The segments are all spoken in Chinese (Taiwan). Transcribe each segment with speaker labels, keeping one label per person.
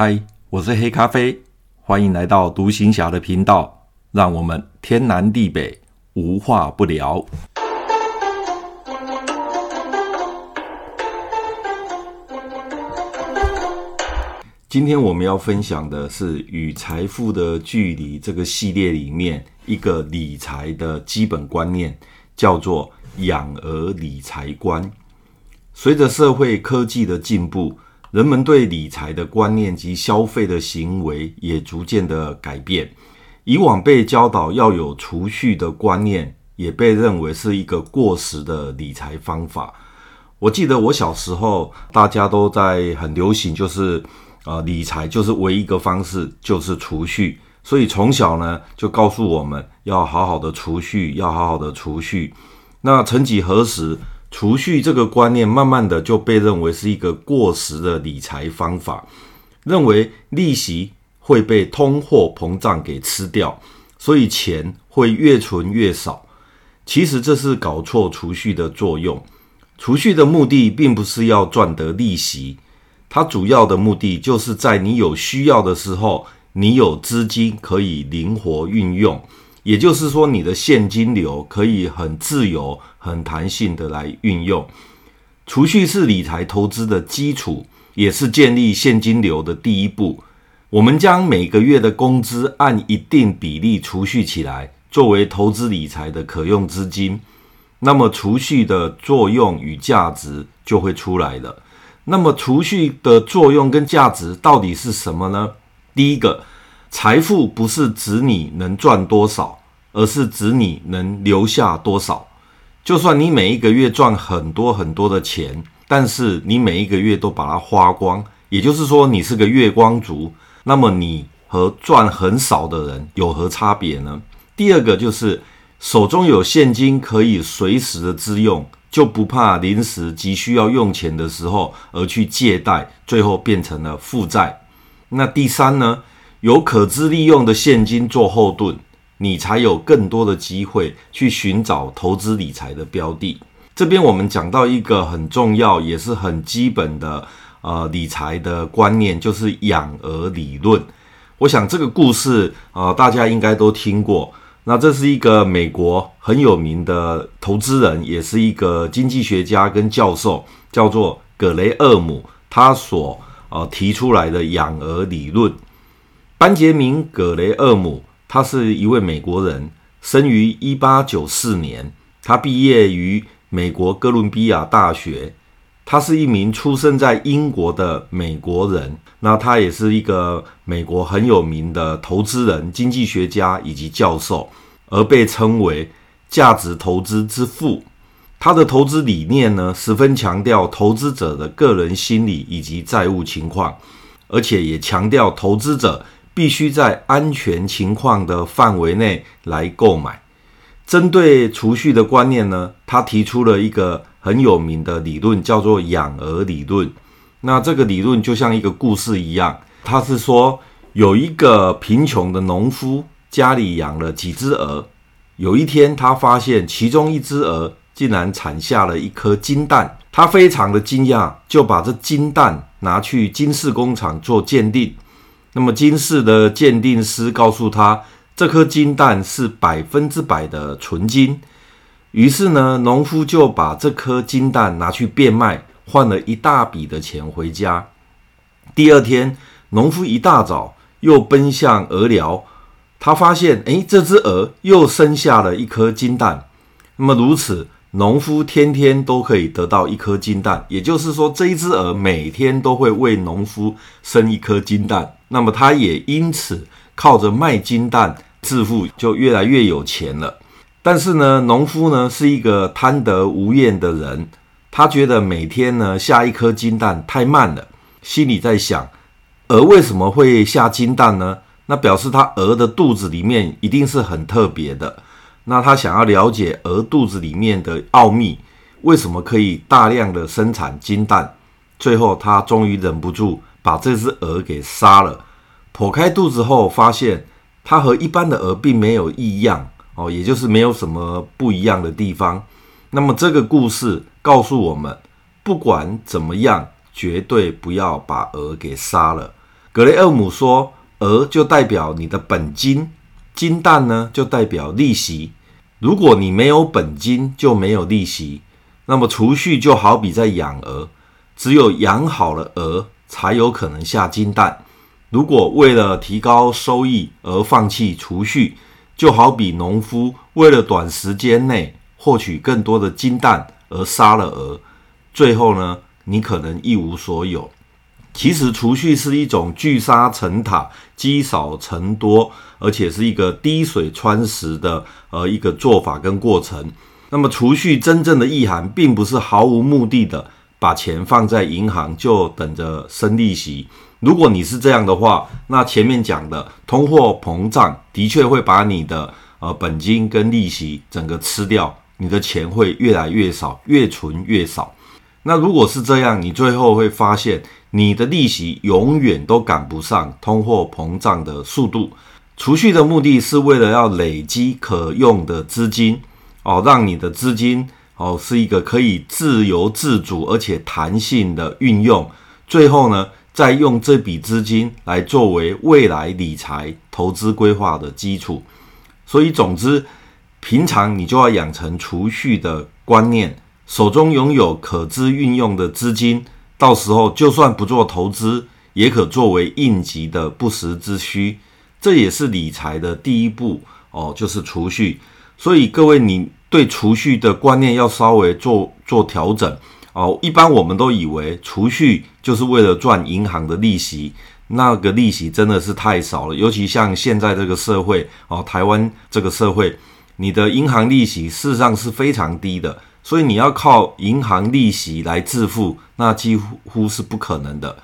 Speaker 1: 嗨，我是黑咖啡，歡迎來到讀行俠的頻道，讓我們天南地北無話不聊。今天我們要分享的是《與財富的距離》這個系列裡面一個理財的基本觀念，叫做“養鵝理財觀”。隨着社會科技的進步。人們對理財的觀念及消費的行為也逐漸的改變，以往被教導要有儲蓄的觀念，也被認為是一個過時的理財方法。我記得我小時候，大家都在很流行，就是啊、呃，理財就是唯一一個方式，就是儲蓄。所以從小呢，就告訴我們要好好的儲蓄，要好好的儲蓄。那曾幾何時，儲蓄這個觀念，慢慢的就被認為是一個過時的理財方法，認為利息會被通貨膨脹給吃掉，所以錢會越存越少。其實這是搞錯儲蓄的作用。儲蓄的目的並不是要賺得利息，它主要的目的就是在你有需要的時候，你有資金可以靈活運用。也就是說，你的現金流可以很自由、很彈性的來運用。儲蓄是理財投資的基礎，也是建立現金流的第一步。我們將每個月的工資按一定比例儲蓄起來，作為投資理財的可用資金。那麼，儲蓄的作用與價值就會出來了。那麼，儲蓄的作用跟價值到底是什麼呢？第一個。財富不是指你能賺多少，而是指你能留下多少。就算你每一個月賺很多很多的錢，但是你每一個月都把它花光，也就是說你是個月光族。那麼你和賺很少的人有何差別呢？第二個就是手中有現金可以隨時的支用，就不怕臨時急需要用錢的時候而去借貸，最後變成了負債。那第三呢？有可資利用的現金做後盾，你才有更多的機會去尋找投資理財的標的。這邊我們講到一個很重要也是很基本的呃理財的觀念，就是養鵝理論。我想這個故事啊、呃，大家應該都聽過。那這是一個美國很有名的投資人，也是一個經濟學家跟教授，叫做格雷厄姆，他所呃提出來的養鵝理論。班傑明·格雷厄姆，他是一位美國人，生於一八九四年。他畢業於美國哥倫比亞大學。他是一名出生在英國的美國人。那他也是一個美國很有名的投資人、經濟學家以及教授，而被稱為“價值投資之父”。他的投資理念呢，十分強調投資者的個人心理以及債務情況，而且也強調投資者。必須在安全情況的範圍內來購買。針對儲蓄的觀念呢，他提出了一個很有名的理論，叫做“養鵝理論”。那這個理論就像一個故事一樣，他是說有一個貧窮的農夫，家裡養了幾只鵝。有一天，他發現其中一只鵝竟然產下了一顆金蛋，他非常的驚訝，就把這金蛋拿去金飾工廠做鑑定。那麼金飾的鑑定師告訴他，這顆金蛋是百分之百的純金。於是呢，農夫就把這顆金蛋拿去變賣，換了一大筆的錢回家。第二天，農夫一大早又奔向鵝寮，他發現，哎，這只鵝又生下了一顆金蛋。那麼如此，農夫天天都可以得到一顆金蛋，也就是說，這一只鵝每天都會為農夫生一顆金蛋。那麼他也因此靠着賣金蛋致富，就越來越有錢了。但是呢，農夫呢是一個貪得無厭的人，他覺得每天呢下一顆金蛋太慢了，心裡在想：鵝為什麼會下金蛋呢？那表示他鵝的肚子裡面一定是很特別的。那他想要了解鵝肚子裡面的奧秘，為什麼可以大量的生產金蛋？最後他終於忍不住把這隻鵝給殺了。剖開肚子後，發現它和一般的鵝並沒有異樣哦，也就是沒有什麼不一樣的地方。那麼這個故事告訴我們，不管怎麼樣，絕對不要把鵝給殺了。格雷厄姆說：“鵝就代表你的本金，金蛋呢就代表利息。如果你沒有本金，就沒有利息。那麼儲蓄就好比在養鵝，只有養好了鵝，才有可能下金蛋。”如果為了提高收益而放棄儲蓄，就好比農夫為了短時間內獲取更多的金蛋而殺了鵝，最後呢，你可能一無所有。其實儲蓄是一種聚沙成塔、積少成多，而且是一個滴水穿石的呃一個做法跟過程。那麼儲蓄真正的意涵，並不是毫無目的的把錢放在銀行就等着生利息。如果你是這樣的話，那前面講的通貨膨脹的確會把你的呃本金跟利息整個吃掉，你的錢會越來越少，越存越少。那如果是這樣，你最後會發現你的利息永遠都趕不上通貨膨脹的速度。儲蓄的目的是為了要累積可用的資金，哦，讓你的資金哦是一個可以自由自主而且彈性的運用。最後呢，再用這筆資金來作為未來理財投資規劃的基礎，所以總之，平常你就要養成儲蓄的觀念，手中擁有可資運用的資金，到時候就算不做投資，也可作為應急的不時之需。這也是理財的第一步哦，就是儲蓄。所以各位，你對儲蓄的觀念要稍微做做調整。哦，一般我們都以為儲蓄就是為了賺銀行的利息，那個利息真的是太少了。尤其像現在這個社會，哦，台灣這個社會，你的銀行利息事實上是非常低的，所以你要靠銀行利息來致富，那幾乎是不可能的。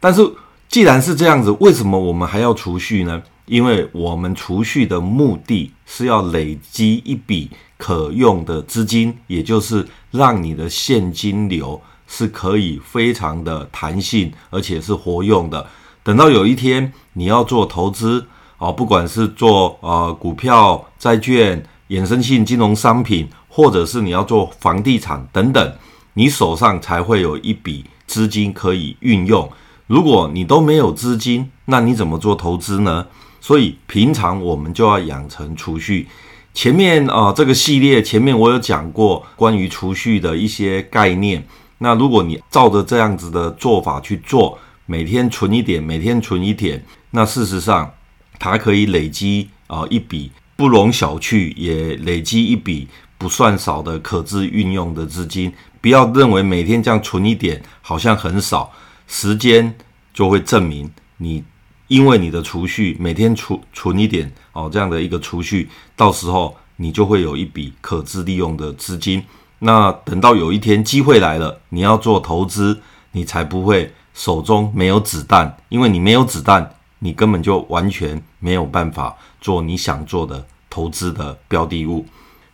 Speaker 1: 但是既然是這樣子，為什麼我們還要儲蓄呢？因為我們儲蓄的目的是要累積一筆可用的資金，也就是，讓你的現金流是可以非常的彈性，而且是活用的。等到有一天你要做投資啊，不管是做呃股票、債券、衍生性金融商品，或者是你要做房地產等等，你手上才會有一筆資金可以運用。如果你都沒有資金，那你怎麼做投資呢？所以平常我們就要養成儲蓄。前面啊，這個系列前面我有講過關於儲蓄的一些概念。那如果你照着這樣子的做法去做，每天存一點，每天存一點，那事實上它可以累積啊一筆不容小覷，也累積一筆不算少的可資運用的資金。不要認為每天這樣存一點好像很少，時間就會證明你。因為你的儲蓄，每天儲存一點哦，這樣的一個儲蓄，到時候你就會有一筆可資利用的資金。那等到有一天機會來了，你要做投資，你才不會手中沒有子彈，因為你沒有子彈，你根本就完全沒有辦法做你想做的投資的標的物。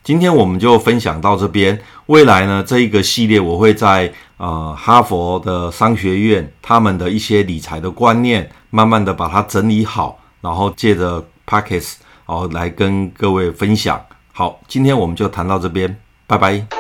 Speaker 1: 今天我們就分享到這邊。未來呢，這一個系列我會在呃哈佛的商學院他們的一些理財的觀念，慢慢的把它整理好，然後借着 Podcast，然後來跟各位分享。好，今天我們就談到這邊，拜拜。